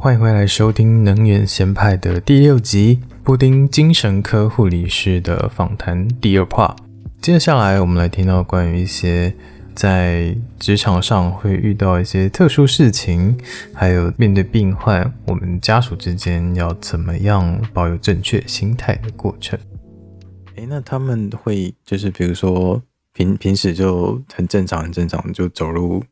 歡迎回來收聽《能櫞鹹派》的第六集《布丁精神科護理師的訪談》第二 part。接下來我們來聽到關於一些在職場上會遇到一些特殊事情，還有面對病患，我們家屬之間要怎麼樣保有正確心態的過程。哎，那他們會就是比如說平平時就很正常，很正常，就走路、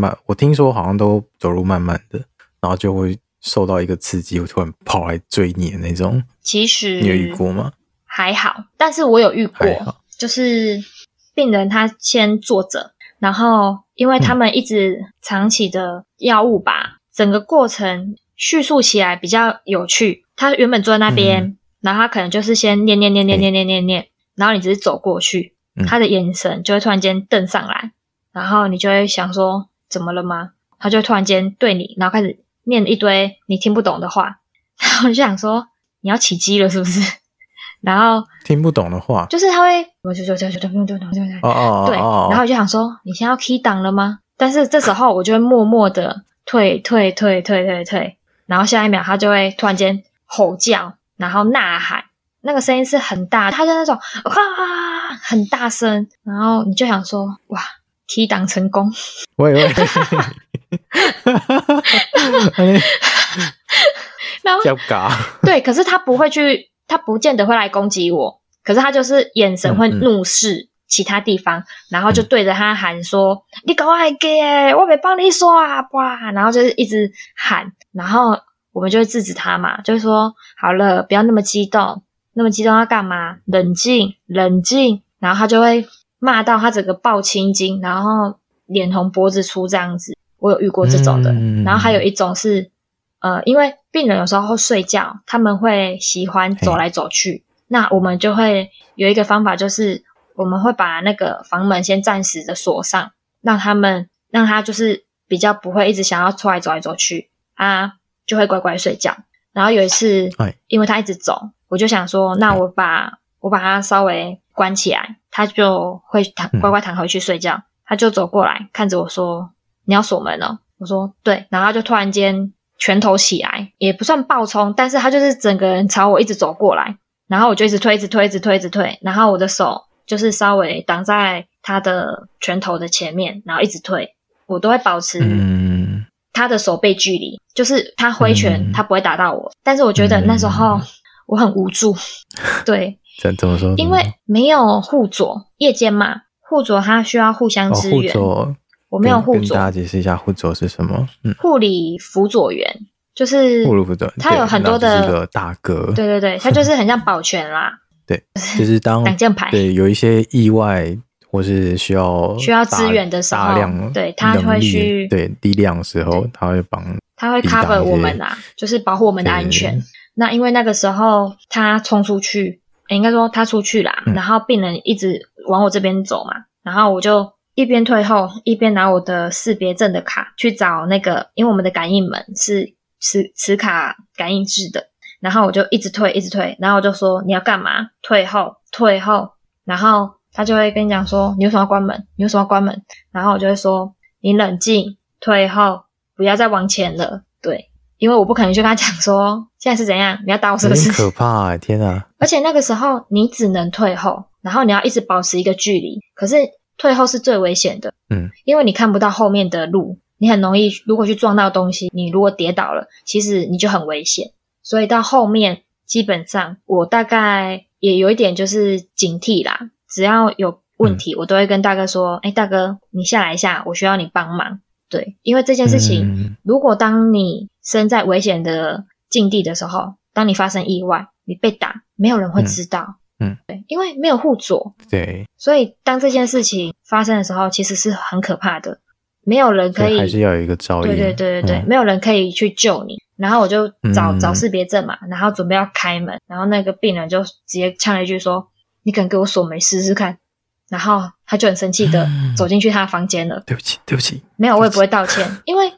呃、我聽說好像都走路慢慢的，然後就會。受到一個刺激，我突然跑來追你的那種。其實你有遇過嗎？還好，但是我有遇過。就是病人他先坐着，然後因為他們一直藏起的藥物吧，嗯、整個過程敘述起來比較有趣。他原本坐在那邊，嗯、然後他可能就是先念念念念念念念念，然後你只是走過去、嗯，他的眼神就會突然間瞪上來，然後你就會想說怎麼了嗎？他就突然間對你，然後開始。念一堆你聽不懂的話，然後你就想說你要起乩了是不是？然後聽不懂的話，就是他會，我就就就就就對，oh, oh, oh, oh. 然後我就想說你現在要 key 檔了嗎？但是這時候我就會默默的退退退退退退，然後下一秒他就會突然間吼叫，然後吶喊，那個聲音是很大，他就那種啊很大聲，然後你就想說哇 key 檔成功，我也。 哈哈哈哈哈！然後對，可是他不會去，他不見得會來攻擊我。可是他就是眼神會怒視其他地方，然後就對着他喊說：“你搞我幹嘛？我沒幫你耍哇”，然後就是一直喊，然後我們就會制止他嘛，就是說：“好了，不要那麼激動，那麼激動要幹嘛？冷靜，冷靜。”然後他就會罵到他整個爆青筋，然後臉紅脖子粗這樣子。我有遇過這種的，嗯，然後還有一種是，呃，因為病人有時候會睡覺，他們會喜歡走來走去，那我們就會有一個方法，就是我們會把那個房門先暫時的鎖上，讓他們讓他就是比較不會一直想要出來走來走去，他就會乖乖睡覺。然後有一次，因為他一直走，我就想說，那我把我把他稍微關起來，他就會躺乖乖乖躺回去睡覺，嗯，他就走過來看着我說。你要鎖門了，我說對，然後他就突然間拳頭起來，也不算暴衝，但是他就是整個人朝我一直走過來，然後我就一直推，一直推，一直推，一直推，然後我的手就是稍微擋在他的拳頭的前面，然後一直推，我都會保持他的手背距離，嗯、就是他揮拳、嗯，他不會打到我，但是我覺得那時候我很無助，嗯、 對，怎怎麼說？因為沒有互左，夜間嘛，互左他需要互相支援。哦我沒有護佐，大家解釋一下護佐是什麼？護、嗯、理輔佐員就是護理輔佐員，他有很多的。一個大哥，對對對，他就是很像保全啦。 對，就是當擋箭 牌。對，有一些意外或是需要需要支援的時候，大量對他會去對低量的時候，他會幫。他會 cover 我們啦、啊，就是保護我們的安全。那因為那個時候他衝出去，欸、應該說他出去啦、嗯，然後病人一直往我這邊走嘛，然後我就。一邊退後，一邊拿我的識別證的卡去找那個，因為我們的感應門是磁磁卡感應式的，然後我就一直退，一直退，然後我就說你要幹嘛？退後，退後，然後他就會跟你講說你為什麼要關門，你為什麼要關門，然後我就會說你冷靜，退後，不要再往前了。對，因為我不可能去跟他講說現在是怎樣，你要打我是不是？可怕啊，天啊！而且那個時候你只能退後，然後你要一直保持一個距離，可是。退後是最危險的，嗯，因為你看不到後面的路，你很容易如果去撞到東西，你如果跌倒了，其實你就很危險。所以到後面基本上，我大概也有一點就是警惕啦，只要有問題，嗯，我都會跟大哥說，哎，大哥，你下來一下，我需要你幫忙。對，因為這件事情，嗯，如果當你身在危險的境地的時候，當你發生意外，你被打，沒有人會知道。嗯。嗯，對，因為沒有護佐。對，所以當這件事情發生的時候，其實是很可怕的，沒有人可以，以還是要有一個照應，對對對對對，嗯，沒有人可以去救你。然後我就找，嗯、找識別證嘛，然後準備要開門，然後那個病人就直接嗆了一句說：“你敢給我鎖門試試看？”然後他就很生氣的走進去他的房間了對。對不起，對不起，沒有，我也不會道歉，因為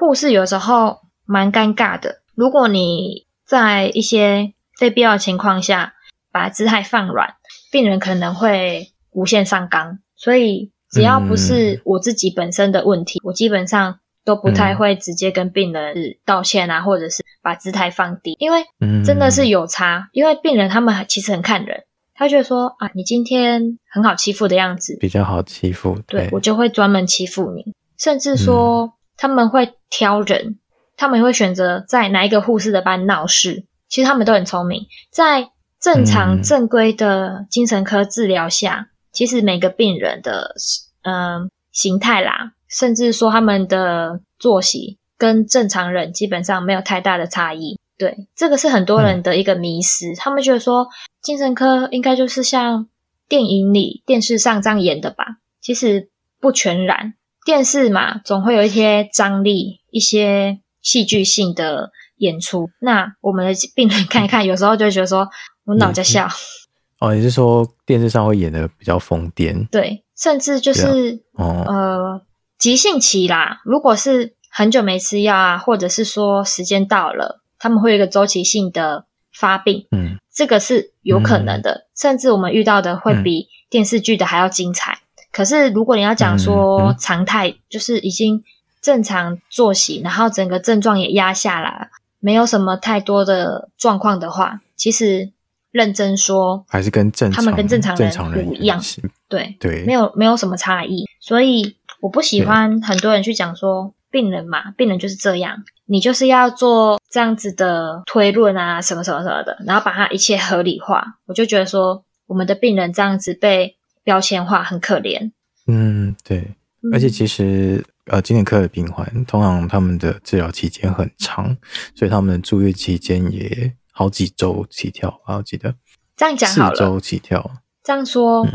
護士有時候蠻尷尬的。如果你在一些非必要的情況下。把姿態放軟，病人可能會無限上綱，所以只要不是我自己本身的問題，嗯、我基本上都不太會直接跟病人道歉啊、嗯，或者是把姿態放低，因為真的是有差、嗯。因為病人他們其實很看人，他覺得說啊，你今天很好欺負的樣子，比較好欺負，對，對我就會專門欺負你，甚至說、嗯、他們會挑人，他們會選擇在哪一個護士的班鬧事。其實他們都很聰明，在。正常正規的精神科治療下、嗯，其實每個病人的嗯、呃，形態啦，甚至說他們的作息跟正常人基本上沒有太大的差異。對，這個是很多人的一個迷思、嗯，他們覺得說精神科應該就是像電影裡、電視上這樣演的吧？其實不全然。電視嘛，總會有一些張力、一些戲劇性的演出。那我們的病人看一看，嗯、有時候就會覺得說，我腦在笑。哦，你是說電視上會演得比較瘋癲？對，甚至就是、啊哦、呃急性期啦。如果是很久沒吃藥啊，或者是說時間到了，他們會有一個週期性的發病。嗯，這個是有可能的，嗯、甚至我們遇到的會比電視劇的還要精彩、嗯。可是如果你要講說常態、嗯嗯，就是已經正常作息，然後整個症狀也壓下來，沒有什麼太多的狀況的話，其實。認真說，還是跟正常人一樣，對對，沒有沒有什麼差異，所以我不喜歡很多人去講說病人嘛，病人就是這樣，你就是要做這樣子的推論啊，什麼什麼什麼的，然後把它一切合理化，我就覺得說我們的病人這樣子被標籤化很可憐。嗯，對，嗯、而且其實呃，精神科的病患通常他們的治療期間很長，所以他們的住院期間也。好幾週起跳，好幾得。這樣講好幾週起跳。這樣說，嗯，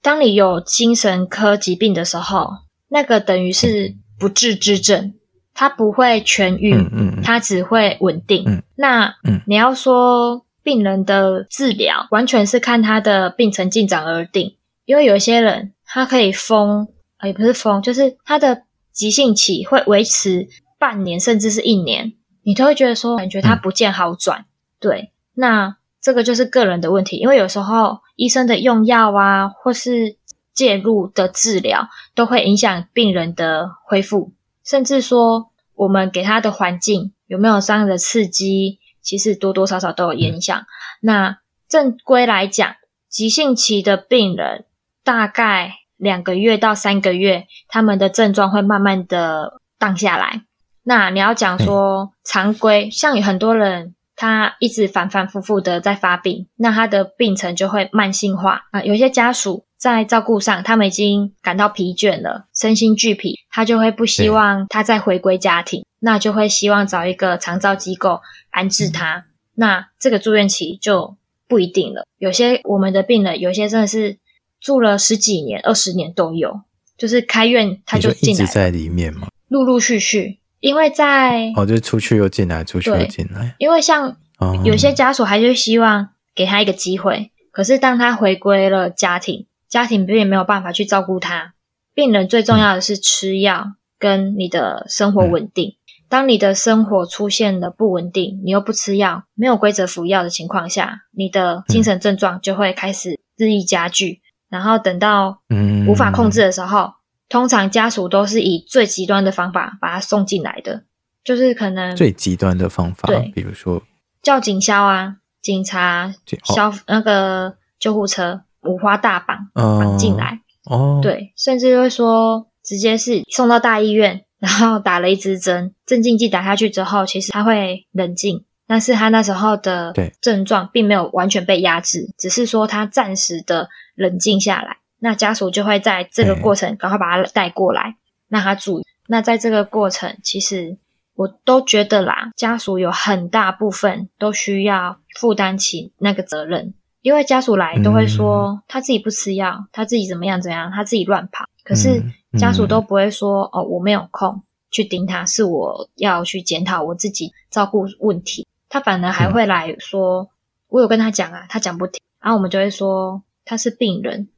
當你有精神科疾病的時候，那個等於是不治之症，嗯，它不會痊癒，嗯嗯嗯，它只會穩定。嗯嗯那，你要說病人的治療完全是看他的病程進展而定，因為有一些人他可以瘋，也，欸，不是瘋，就是他的急性期會維持半年甚至是一年，你都會覺得說，感覺他不見好轉。嗯對，那這個就是個人的問題，因為有時候醫生的用藥啊，或是介入的治療，都會影響病人的恢復，甚至說我們給他的環境有沒有傷的刺激，其實多多少少都有影響。嗯、那正規來講，急性期的病人大概兩個月到三個月，他們的症狀會慢慢的淡下來。那你要講說常規，像有很多人。他一直反反复复的在發病，那他的病程就會慢性化啊。有些家屬在照顧上，他們已經感到疲倦了，身心俱疲，他就會不希望他再回歸家庭，那就會希望找一個長照機構安置他、嗯。那這個住院期就不一定了。有些我們的病人，有些真的是住了十幾年、二十年都有，就是開院他就進來一直在裡面嘛，陸陸續續。因為在，哦，就是出去又進來，出去又進來。因為像有些家屬還是希望給他一個機會、哦，可是當他回歸了家庭，家庭並沒有辦法去照顧他。病人最重要的是吃藥跟你的生活穩定、嗯。當你的生活出現了不穩定，你又不吃藥，沒有規則服藥的情況下，你的精神症狀就會開始日益加劇，嗯、然後等到無法控制的時候。嗯通常家屬都是以最極端的方法把他送進來的，就是可能最極端的方法，對，比如說叫警消啊，警察消、哦、那個救護車五花大綁、哦、綁進來，哦，對，甚至會說直接是送到大醫院，然後打了一支針鎮靜劑打下去之後，其實他會冷靜，但是他那時候的症狀並沒有完全被壓制，只是說他暫時的冷靜下來。那家屬就會在這個過程趕快把他帶過來，欸、讓他住。那在這個過程，其實我都覺得啦，家屬有很大部分都需要負擔起那個責任，因為家屬來都會說、嗯、他自己不吃藥，他自己怎麼樣怎樣，他自己亂跑。可是家屬都不會說、嗯、哦，我沒有空去盯他，是我要去檢討我自己照顧問題。他反而還會來說，嗯、我有跟他講啊，他講不聽。然後、啊、我們就會說他是病人。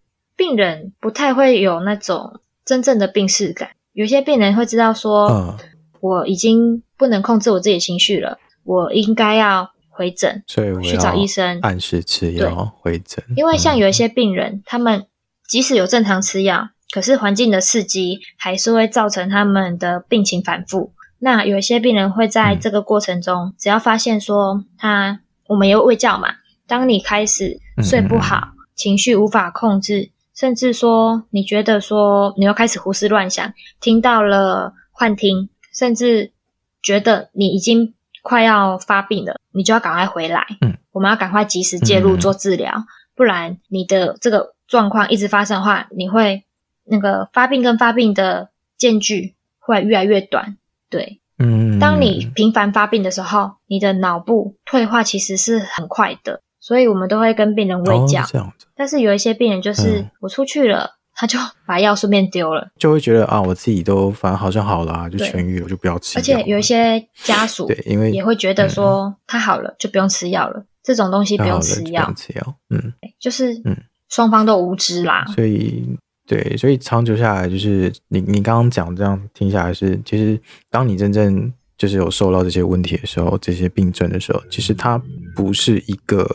病人不太會有那種真正的病識感。有些病人會知道說，嗯、我已經不能控制我自己情緒了，我應該要回診，去找醫生，按時吃藥，回診。因為像有一些病人、嗯，他們即使有正常吃藥，可是環境的刺激還是會造成他們的病情反覆那有一些病人會在這個過程中，只要發現說他、嗯、他我沒有睡覺嘛，當你開始睡不好，嗯嗯嗯情緒無法控制。甚至說，你覺得說你又開始胡思亂想，聽到了幻聽，甚至覺得你已經快要發病了，你就要趕快回來。嗯，我們要趕快及時介入做治療，嗯，不然你的這個狀況一直發生的話，你會那個發病跟發病的間距會越來越短。對，嗯，當你頻繁發病的時候，你的腦部退化其實是很快的。所以我們都會跟病人講、哦、這樣子。但是有一些病人就是我出去了，嗯、他就把藥順便丟了，就會覺得啊，我自己都反正好像好了、啊，就痊癒了，我就不要吃藥。而且有一些家屬對，因為也會覺得說他、嗯、好了就不用吃藥了，這種東西不用吃藥。不用吃藥，嗯，就是嗯，雙方都無知啦。嗯、所以對，所以長久下來就是你你剛剛講這樣聽下來是，其實當你真正。就是有受到這些問題的時候，這些病症的時候，其實它不是一個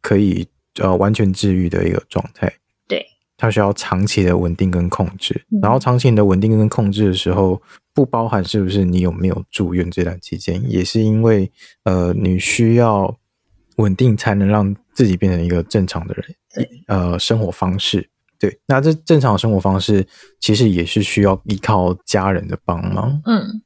可以呃完全治癒的一個狀態，對，它需要長期的穩定跟控制，嗯。然後長期的穩定跟控制的時候，不包含是不是你有沒有住院這段期間，也是因為呃你需要穩定才能讓自己變成一個正常的人，呃生活方式。對，那這正常的生活方式其實也是需要依靠家人的幫忙，嗯。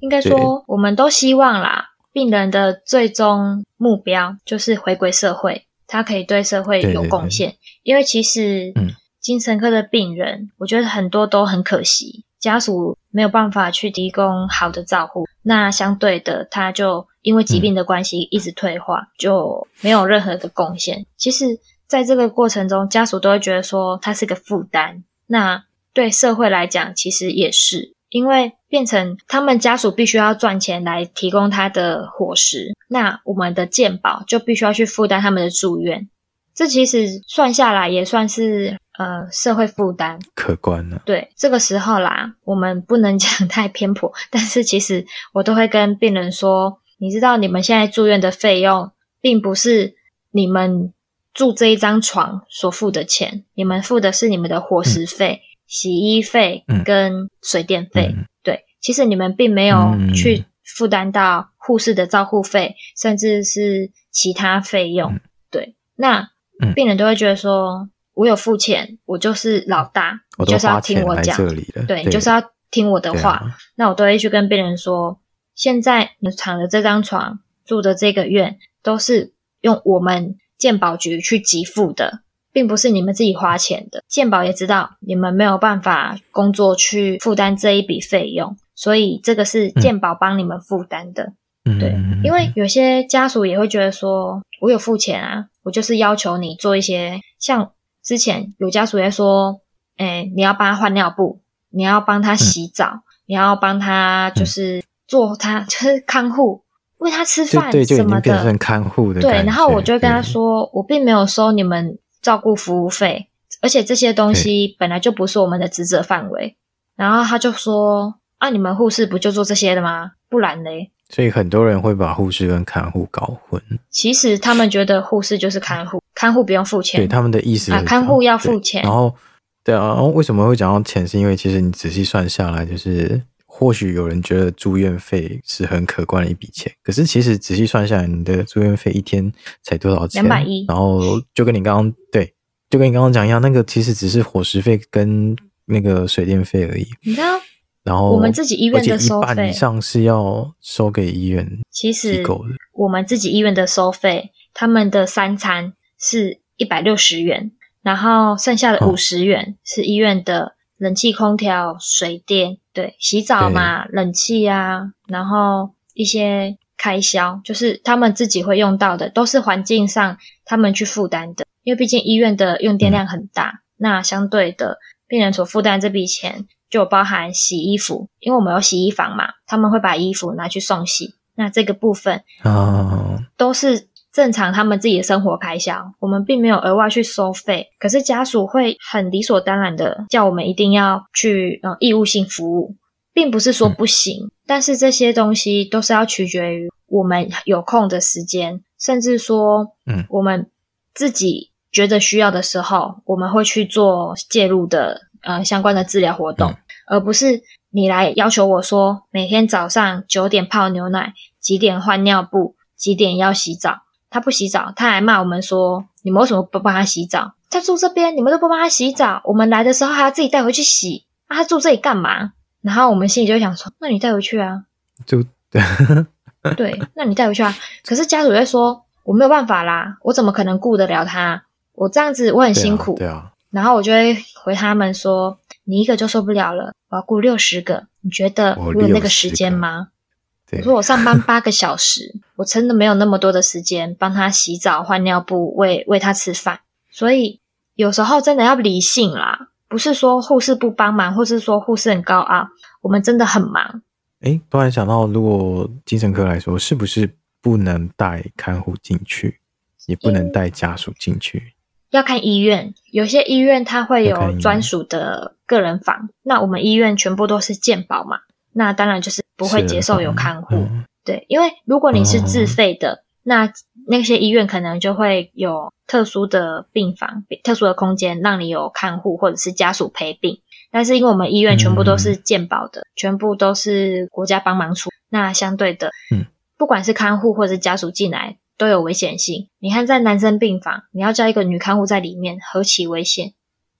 應該說，我們都希望啦，病人的最終目標就是回歸社會，他可以對社會有貢獻。對對對。因為其實，精神科的病人，嗯，我覺得很多都很可惜，家屬沒有辦法去提供好的照顧，那相對的，他就因為疾病的關係一直退化，嗯，就沒有任何的貢獻。其實，在這個過程中，家屬都會覺得說他是個負擔，那對社會來講，其實也是。因為變成他們家屬必須要賺錢來提供他的夥食，那我們的健保就必須要去負擔他們的住院，這其實算下來也算是呃社會負擔可觀了。對，這個時候啦，我們不能講太偏頗，但是其實我都會跟病人說，你知道你們現在住院的費用，並不是你們住這一張床所付的錢，你們付的是你們的夥食費。嗯洗衣費跟水電費，嗯嗯，對，其實你們並沒有去負擔到護士的照護費，嗯，甚至是其他費用，嗯，對。那、嗯、病人都會覺得說，我有付錢，我就是老大，你就是要聽我講，對，對你就是要聽我的話、啊。那我都會去跟病人說，現在你躺的這張床，住的這個院，都是用我們健保局去給付的。並不是你們自己花錢的，健保也知道你們沒有辦法工作去負擔這一筆費用，所以這個是健保幫你們負擔的、嗯。對，因為有些家屬也會覺得說，我有付錢啊，我就是要求你做一些，像之前有家屬也說，哎、欸，你要幫他換尿布，你要幫他洗澡，嗯、你要幫他就是做他、嗯、就是看護，餵他吃飯什麼的。對，就已經變成看護的。對，然後我就跟他說，對我並沒有收你們。照顧服務費，而且這些東西本來就不是我們的職責範圍。然後他就說：“啊，你們護士不就做這些的嗎？不然嘞？”所以很多人會把護士跟看護搞混。其實他們覺得護士就是看護，看護不用付錢。對他們的意思就是說，啊，看護要付錢。然後，對啊，然後為什麼會講到錢？是因為其實你仔細算下來，就是。或許有人覺得住院費是很可觀的一筆錢，可是其實仔細算下來，你的住院費一天才多少錢？兩百一。然後就跟你剛剛，對，就跟你剛剛講一樣，那個其實只是伙食費跟那個水電費而已。你知道，然後我們自己醫院的收費以上是要收給醫院的。其實，我們自己醫院的收費，他們的三餐是一百六十元，然後剩下的五十元是醫院的。冷氣、空調、水電，對，洗澡嘛，冷氣啊，然後一些開銷，就是他們自己會用到的，都是環境上他們去負擔的。因為畢竟醫院的用電量很大，嗯、那相對的，病人所負擔這筆錢就包含洗衣服，因為我們有洗衣房嘛，他們會把衣服拿去送洗，那這個部分哦，都是。正常，他們自己的生活開銷，我們並沒有額外去收費。可是家屬會很理所當然的叫我們一定要去，嗯、呃，義務性服務，並不是說不行、嗯。但是這些東西都是要取決於我們有空的時間，甚至說，嗯，我們自己覺得需要的時候，我們會去做介入的，呃，相關的治療活動，嗯、而不是你來要求我說每天早上九點泡牛奶，幾點換尿布，幾點要洗澡。他不洗澡，他還罵我們說：“你們為什麼不幫他洗澡？他住這邊，你們都不幫他洗澡。我們來的時候還要自己帶回去洗。啊，他住這裡幹嘛？”然後我們心裡就會想說：“那你帶回去啊。就”就對，對，那你帶回去啊。可是家屬會說：“我沒有辦法啦，我怎麼可能顧得了他？我這樣子我很辛苦。對啊”對啊。然後我就會回他們說：“你一個就受不了了，我要顧六十個，你覺得我有那個時間嗎？”對，如果我上班八個小時， 我真的沒有那麼多的時間幫他洗澡、換尿布、餵餵他吃飯，所以有時候真的要理性啦。不是說護士不幫忙，或是說護士很高傲，我們真的很忙。誒，突然想到，如果精神科來說，是不是不能帶看護進去，也不能帶家屬進去？要看醫院，有些醫院它會有專屬的個人房，那我們醫院全部都是健保嘛。那當然就是不會接受有看護、嗯嗯，對，因為如果你是自費的，嗯，那那些醫院可能就會有特殊的病房、特殊的空間，讓你有看護或者是家屬陪病。但是因為我們醫院全部都是健保的，嗯，全部都是國家幫忙出，那相對的，嗯，不管是看護或者是家屬進來都有危險性。你看，在男生病房，你要叫一個女看護在裡面，何其危險！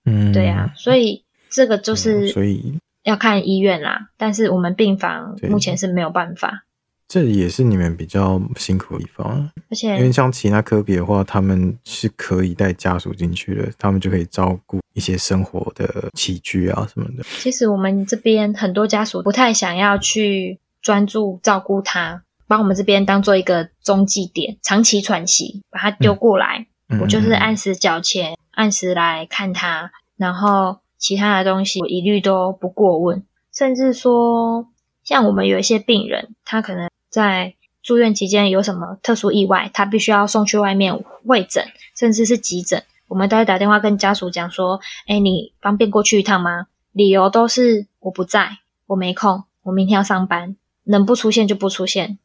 嗯，對呀、啊，所以這個就是、嗯、所以。要看醫院啦，但是我們病房目前是沒有辦法。這也是你們比較辛苦的一方，而且因為像其他科別的話，他們是可以帶家屬進去的，他們就可以照顧一些生活的起居啊什麼的。其實我們這邊很多家屬不太想要去專注照顧他，把我們這邊當做一個中繼點，長期喘息，把他丟過來、嗯，我就是按時繳錢、嗯，按時來看他，然後。其他的東西我一律都不過問，甚至說像我們有一些病人，他可能在住院期間有什麼特殊意外，他必須要送去外面會診，甚至是急診，我們都會打電話跟家屬講說：“哎，你方便過去一趟嗎？”理由都是“我不在，我沒空，我明天要上班，能不出現就不出現。”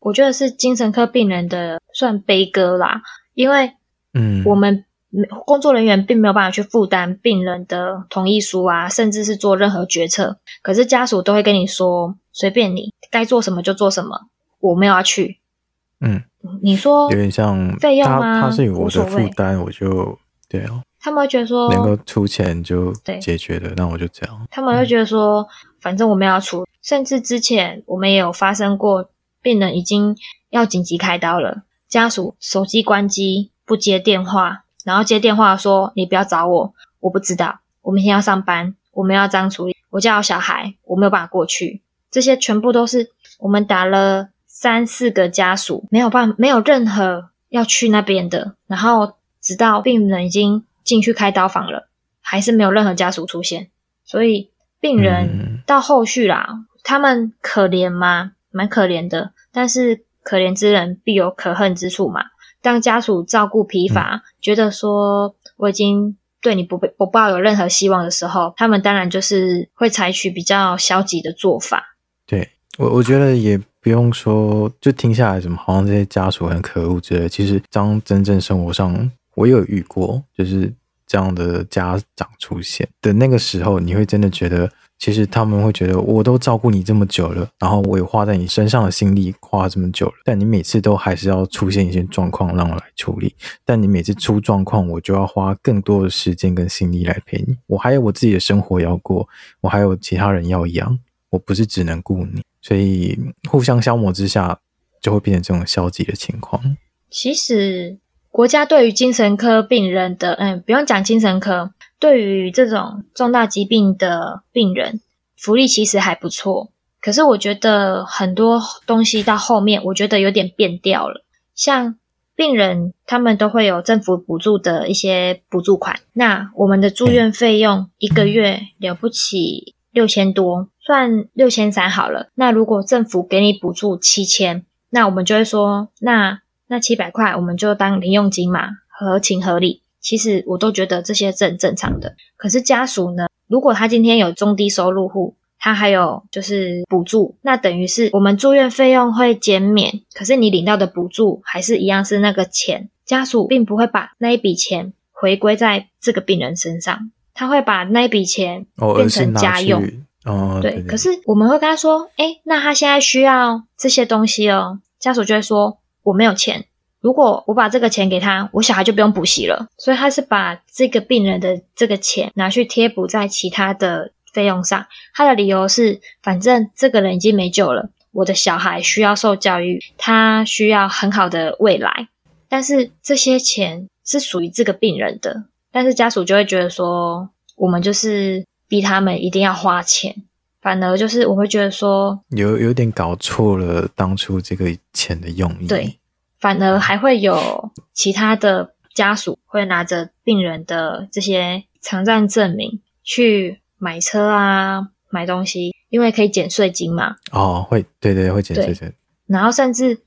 我覺得是精神科病人的算悲歌啦，因為嗯，我們。工作人員並沒有辦法去負擔病人的同意書啊，甚至是做任何決策。可是家屬都會跟你說：“隨便你，該做什麼就做什麼，我沒有要去。”嗯，你說有點像費用嗎？他，他是以我的負擔，我就對哦。他們會覺得說能夠出錢就解決的，那我就這樣。他們會覺得說，嗯、反正我沒有要出，甚至之前我們也有發生過，病人已經要緊急開刀了，家屬手機關機不接電話。然後接電話說，你不要找我，我不知道，我明天要上班，我沒有要這樣處理，我家有小孩，我沒有辦法過去，這些全部都是我們打了三四個家屬，沒有辦法，沒有任何要去那邊的。然後直到病人已經進去開刀房了，還是沒有任何家屬出現，所以病人到後續啦，他們可憐嗎？蠻可憐的，但是可憐之人必有可恨之處嘛。當家屬照顧疲乏，嗯，覺得說我已經對你不不抱有任何希望的時候，他們當然就是會採取比較消極的做法。對，我我覺得也不用說，就聽下來什麼好像這些家屬很可惡之類，其實當真正生活上我有遇過，就是這樣的家長出現的那個時候，你會真的覺得。其實他們會覺得，我都照顧你這麼久了，然後我也花在你身上的心力花這麼久了，但你每次都還是要出現一些狀況讓我來處理。但你每次出狀況，我就要花更多的時間跟心力來陪你。我還有我自己的生活要過，我還有其他人要養，我不是只能顧你，所以互相消磨之下，就會變成這種消極的情況。其實，國家對於精神科病人的，嗯，不用講精神科。對於這種重大疾病的病人，福利其實還不錯。可是我覺得很多東西到後面，我覺得有點變調了。像病人，他們都會有政府補助的一些補助款。那我們的住院費用一個月了不起六千多，算六千三好了。那如果政府給你補助七千，那我們就會說，那那七百塊我們就當零用金嘛，合情合理。其實我都覺得這些是很正常的。可是家屬呢？如果他今天有中低收入戶，他還有就是補助，那等於是我們住院費用會減免。可是你領到的補助還是一樣是那個錢，家屬並不會把那一筆錢回歸在這個病人身上，他會把那一筆錢變成家用。哦哦對。對。可是我們會跟他說，哎，那他現在需要這些東西哦，家屬就會說我沒有錢。如果我把這個錢給他，我小孩就不用補習了。所以他是把這個病人的這個錢拿去貼補在其他的費用上。他的理由是，反正這個人已經沒救了，我的小孩需要受教育，他需要很好的未來。但是這些錢是屬於這個病人的，但是家屬就會覺得說，我們就是逼他們一定要花錢。反而就是我會覺得說，有有點搞錯了當初這個錢的用意。對。反而還會有其他的家屬會拿着病人的這些殘障證明去買車啊、買東西，因為可以減稅金嘛。哦，會，對對，會減稅金。然後甚至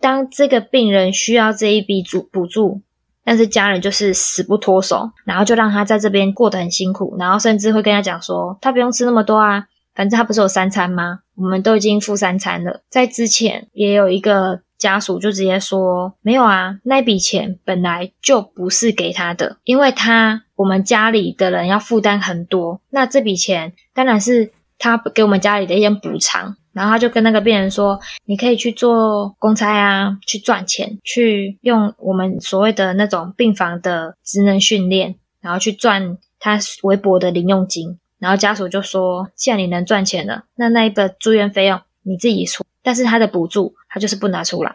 當這個病人需要這一筆補助，但是家人就是死不脫手，然後就讓他在這邊過得很辛苦。然後甚至會跟他講說，他不用吃那麼多啊，反正他不是有三餐嗎？我們都已經付三餐了。在之前也有一個。家屬就直接說：“沒有啊，那筆錢本來就不是給他的，因為他我們家裡的人要負擔很多，那這筆錢當然是他給我們家裡的一些補償。然後他就跟那個病人說：‘你可以去做公差啊，去賺錢，去用我們所謂的那種病房的職能訓練，然後去賺他微薄的零用金。’然後家屬就說：‘既然你能賺錢了，那那一個住院費用你自己出。’”但是他的補助，他就是不拿出來，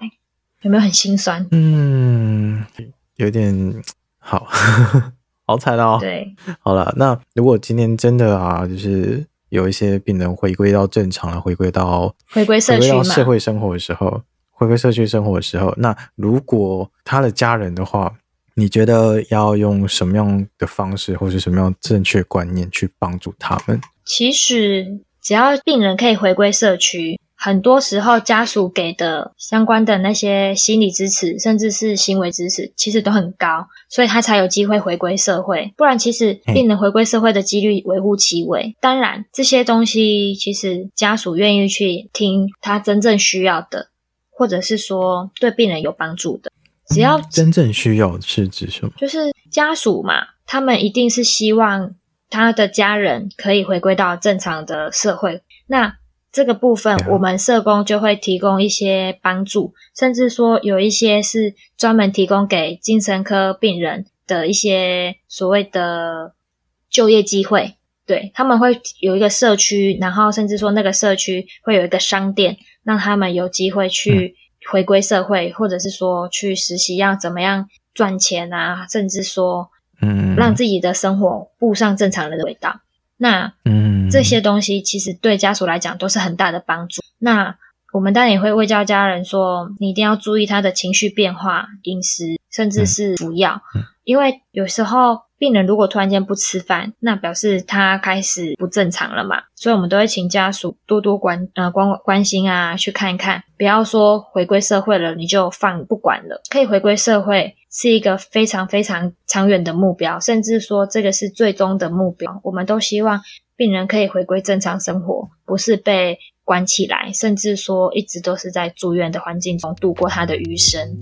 有沒有很心酸？嗯，有點好 好慘哦。對，好了，那如果今天真的啊，就是有一些病人回歸到正常了，回歸到回歸社區、社會生活的時候，回歸社區生活的時候，那如果他的家人的話，你覺得要用什麼樣的方式，或者什麼樣正確觀念去幫助他們？其實，只要病人可以回歸社區。很多時候，家屬給的相關的那些心理支持，甚至是行為支持，其實都很高，所以他才有機會回歸社會。不然，其實病人回歸社會的幾率微乎其微。嗯。當然，這些東西其實家屬願意去聽他真正需要的，或者是說對病人有幫助的。只要真正需要是指什麼？就是家屬嘛，他們一定是希望他的家人可以回歸到正常的社會。那這個部分，我們社工就會提供一些幫助，甚至說有一些是專門提供給精神科病人的一些所謂的就業機會。對，他們會有一個社區，然後甚至說那個社區會有一個商店，讓他們有機會去回歸社會，或者是說去實習，要怎麼樣賺錢啊，甚至說嗯，讓自己的生活步上正常人的軌道。那，嗯，這些東西其實對家屬來講都是很大的幫助。那我們當然也會會教家人說，你一定要注意他的情緒變化、飲食，甚至是服藥。嗯，嗯。因為有時候病人如果突然間不吃飯，那表示他開始不正常了嘛。所以，我們都會請家屬多多關呃關關心啊，去看一看。不要說回歸社會了，你就放不管了，可以回歸社會。是一個非常非常長遠的目標，甚至說這個是最終的目標。我們都希望病人可以回歸正常生活，不是被關起來，甚至說一直都是在住院的環境中度過他的餘生。